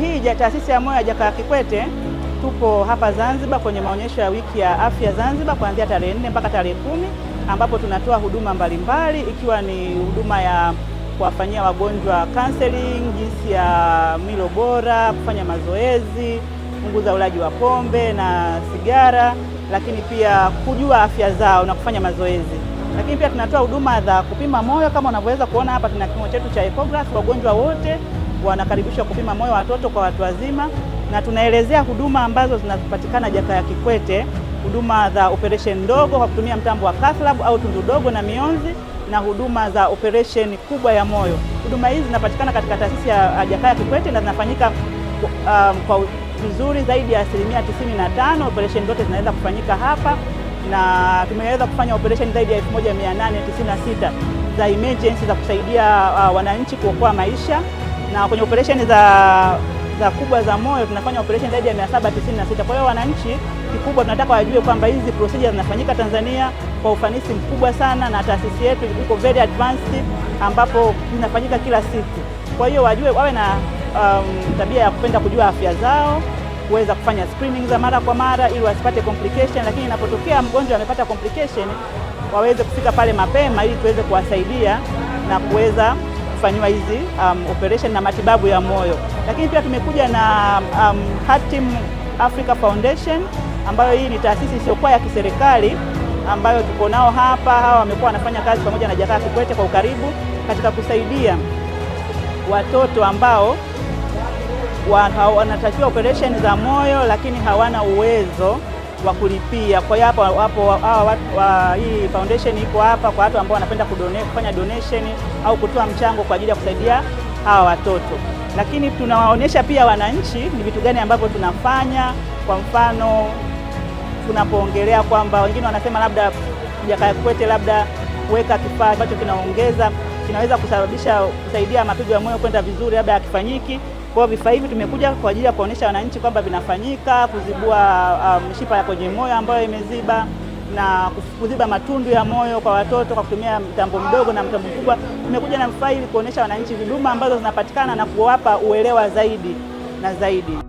hii ya taasisi ya moyo ya Jakaya Kikwete tupo hapa Zanzibar kwenye maonyesho ya wiki ya afya Zanzibar kuanzia tarehe nne mpaka tarehe kumi ambapo tunatoa huduma mbalimbali ikiwa ni huduma ya kuwafanyia wagonjwa counseling, jinsi ya milo bora, kufanya mazoezi, kupunguza ulaji wa pombe na sigara, lakini pia kujua afya zao na kufanya mazoezi. Lakini pia tunatoa huduma za kupima moyo kama unavyoweza kuona hapa, tuna kipimo chetu cha echograph wagonjwa wote wanakaribishwa kupima moyo watoto kwa watu wazima, na tunaelezea huduma ambazo zinapatikana Jakaya Kikwete, huduma za operesheni ndogo kwa kutumia mtambo wa cath lab au tundu dogo na mionzi, na huduma za operesheni kubwa ya moyo. Huduma hizi zinapatikana katika taasisi ya Jakaya Kikwete na zinafanyika um, kwa vizuri zaidi ya asilimia tisini na tano. Operesheni zote zinaweza kufanyika hapa na tumeweza kufanya operesheni zaidi ya sita za emergency za kusaidia uh, wananchi kuokoa maisha na kwenye operesheni za za kubwa za moyo tunafanya operesheni zaidi ya 796. Kwa hiyo wananchi, kikubwa tunataka wajue kwamba hizi procedure zinafanyika Tanzania kwa ufanisi mkubwa sana, na taasisi yetu iko very advanced, ambapo zinafanyika kila siku. Kwa hiyo wajue, wawe na um, tabia ya kupenda kujua afya zao, kuweza kufanya screening za mara kwa mara ili wasipate complication, lakini inapotokea mgonjwa amepata complication waweze kufika pale mapema ili tuweze kuwasaidia na kuweza kufanyiwa hizi um, operation na matibabu ya moyo, lakini pia tumekuja na um, Heart Team Africa Foundation ambayo hii ni taasisi isiyokuwa ya kiserikali ambayo tuko nao hapa. Hawa wamekuwa wanafanya kazi pamoja na Jakaya Kikwete kwa ukaribu katika kusaidia watoto ambao wanatakiwa operation za moyo lakini hawana uwezo wa kulipia. Kwa hiyo hapa hapo hawa wa hii foundation iko hapa kwa watu ambao wanapenda kudone, kufanya donation au kutoa mchango kwa ajili ya kusaidia hawa watoto, lakini tunawaonyesha pia wananchi ni vitu gani ambavyo tunafanya. Kwa mfano tunapoongelea kwamba wengine wanasema labda Jakaya Kikwete labda kuweka kifaa ambacho kinaongeza kinaweza kusababisha kusaidia mapigo ya moyo kwenda vizuri, labda akifanyiki kwa vifaa hivi tumekuja kwa ajili ya kuonyesha wananchi kwamba vinafanyika kuzibua mshipa um, ya kwenye moyo ambayo imeziba na kuziba matundu ya moyo kwa watoto kwa kutumia mtambo mdogo na mtambo mkubwa. Tumekuja na vifaa hivi kuonyesha wananchi huduma ambazo zinapatikana na kuwapa uelewa zaidi na zaidi.